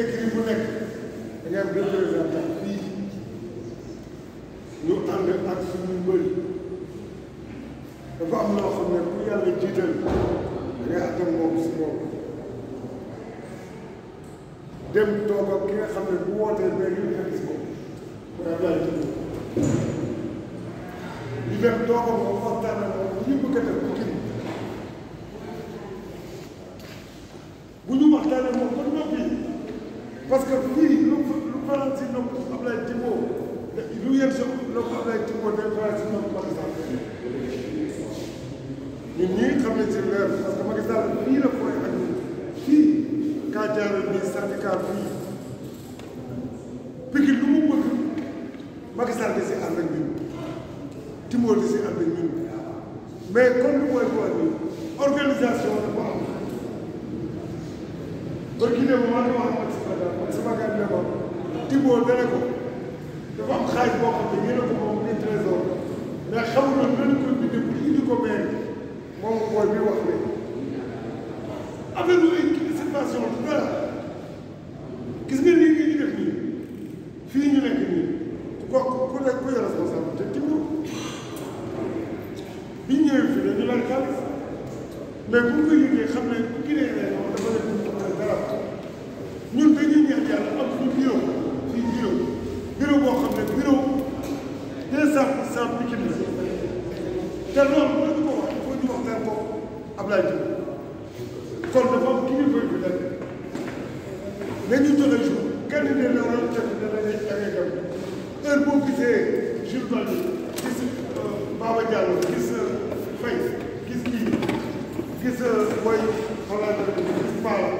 écrit bu nekk da ngay am représentant fii ñu ànd ak suñu mbëri dafa am loo xam ne ku yàlla jiital da ngay àttam moom si dem toog ak ki nga xam ne bu wootee mais li nga gis ko mooy Abdoulaye Diouf ñu dem moom waxtaan ak moom ñu bëgg a def bu ñu waxtaanee moom ba noppi parce que fii lu lu faral si nopp Ablaye Timbo lu yëg si nopp Ablaye Timbo day faral si nopp Macky Sall ñun ñii xam nañ si leer parce que Macky Sall fii la fooy a ñun fii kaa jaaral nii syndicat fii piki lu mu bëgg Macky Sall di si ànd ak ñun Timbo di si ànd ak ñun mais comme lu mooy booy organisation dafa am. parce que juboo dana ko dafa am boo xam ne yéen a ko moom muy trésor mais xamul na nan ko bindee pour indi ko moom mooy bi wax léegi affaire bi ay situation du dara gis nga lii ngeen di def nii fii ñu nekk nii ku ku nekk ku yor responsabilité timbo bi ñëwee fii dañu laaj xaalis mais bu ñu ko yëgee xam ne bu ñu nee nee dafa nekk président Pikine la te loolu bu ñu ko wax il faut ñu wax maire boobu Ablaye Diouf kon dafa am kilifa yu nekk nañu joxe jour kenn ne la war a tëdd ne la ñuy tege gëm heure boo gisee Jules Balde gis euh, Baba Diallo gis euh, Faye gis kii gis mooy euh, Hollande gis Paala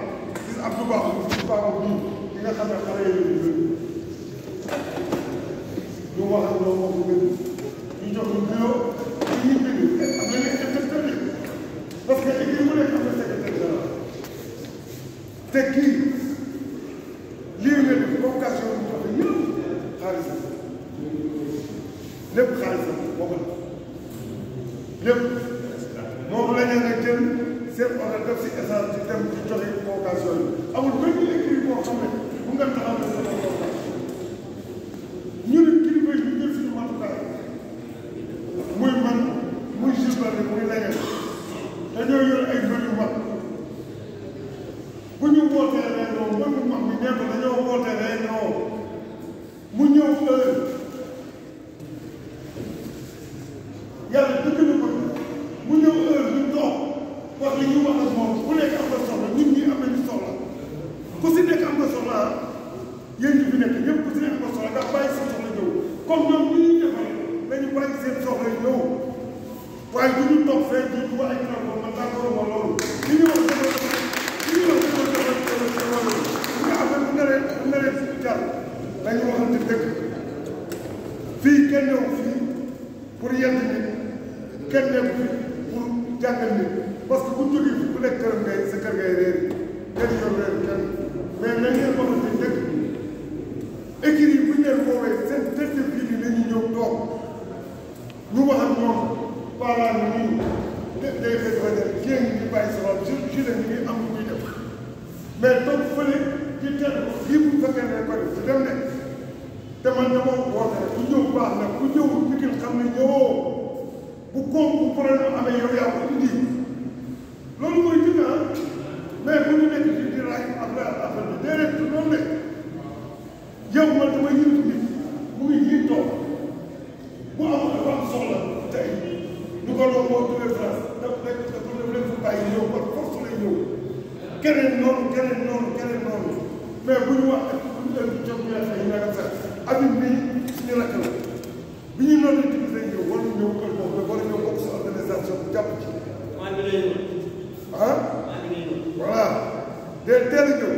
gis Abdou Ba gis Baba bii ki nga xam ne xale yooyu ñu wax ak ñoom moom jox ñu bureau ñu bind am na nekk secrétaire parce que équipe mu nekk am na secrétaire général te kii lii nga def vocation bi joxe yëpp xaalisam lépp xaalisam moo ko lépp moom la ñu nag jël seen ordre def si essence ci dem ci joxe vocation yi amul benn équipe ku si nekk am nga soxla yéen ñi fi nekk ñëpp ku si nekk am nga soxla ndax bàyyi seen soxla ñëw comme ñoom ñu ñuy defal dañu bàyyi seen soxla ñëw waaye du ñu toog fee di ko ay naan ko man naa ko ma loolu li ñu wax dafa li ñu wax dafa dafa dafa dafa nga am na nga leen nga leen fi jàll dañu waxante dëgg fii kenn wu fii pour yenn nit kenn wu fii pour jàngal nit parce que bu jógee mais toog fële ci teel ko lii bu fekkee ne ko def ci dem de te man ku ñëw baax na ku ñëwul Pikine xam ne ñëwoo bu koom bu problème amee yow yaa ko indi loolu mooy dina ah. mais bu ñu nekk ci di raay après affaire bi déedéet du noonu de yow man dama yëngu nit mu ngi yii toog bu amul dafa am soxla tey ñu ko doon moo tuddee France daf nekk dafa def leen fa bàyyi ñëw par force lay ñëw keneen noonu keneen noonu keneen noonu mais bu ñu wax bu ñu leen jox ñu ne xëy na bi suñu rakk na ñëw kër moom mais war na ñëw bokk sa organisation jàpp ci. maa ngi lay ñëw. ah. maa ngi lay ñëw. voilà day teel a ñëw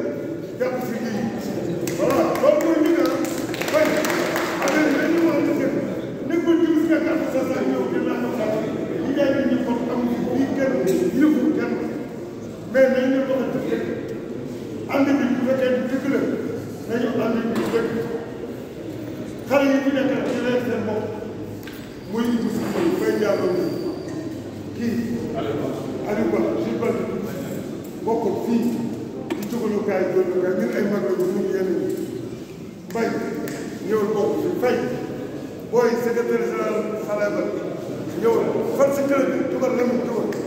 jàpp si lii voilà loolu mooy ñu ne yi ah, dañu mën a def nekkul jiw si nga gàtt sa sa ñëw gën naa ko xam ñu ngay mais nañ leen waxante dëgg ànd bi bu fekkee ni dëgg la nañu ànd bi dëgg xale yi fi nekk ci leen seen bopp muy musi bay jàlloo ni kii Aliou Ba Jules Balde bokkul fii ay mag la ñu ñun yéen ñi bay ñëwul bokk fay booy secrétaire général xale ba ñëwul fan si kër bi mu dugal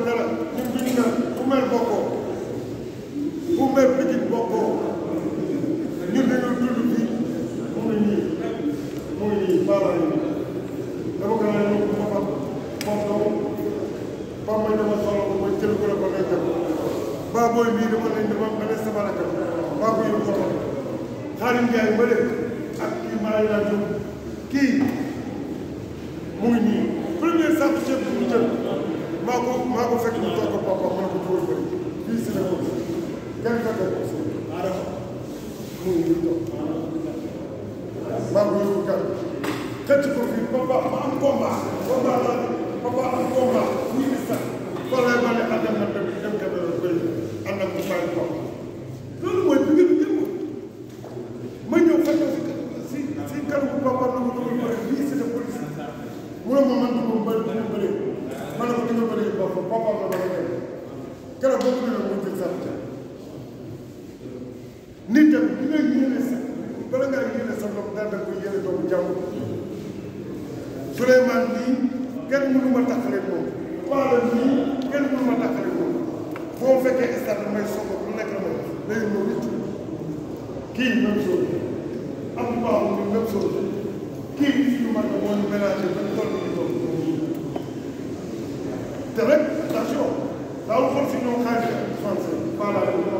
waa booy bii dama leen dama ma des sama rakk waa ko yóbbu ko xaarim Njaay ma def ak kii maa laa jóg kii mu ngi nii premier saako ceeb bi mu jël maa ko maa ko fekk mu toog ko papa ma ne ko tuur bëri fii si la ko kenn fekke ko si mu ngi nii toog maa ko yóbbu kan xëcc ko fii papa ma am combat combat laa papa am combat ko papaam la doon dem keroog boo ko mënee moo jël sax ja nit tam li ngay yéene sa bala nga yéene sa bopp daan da ko yéene doomu jàmm Souleymane nii kenn mënu ma taxale moom Paala kenn mënu ma taxale moom boo fekkee stade may soxla bu nekk la moom day ñëw nit kii même chose am baaxul même chose kii gis ñu man Wisconsin, following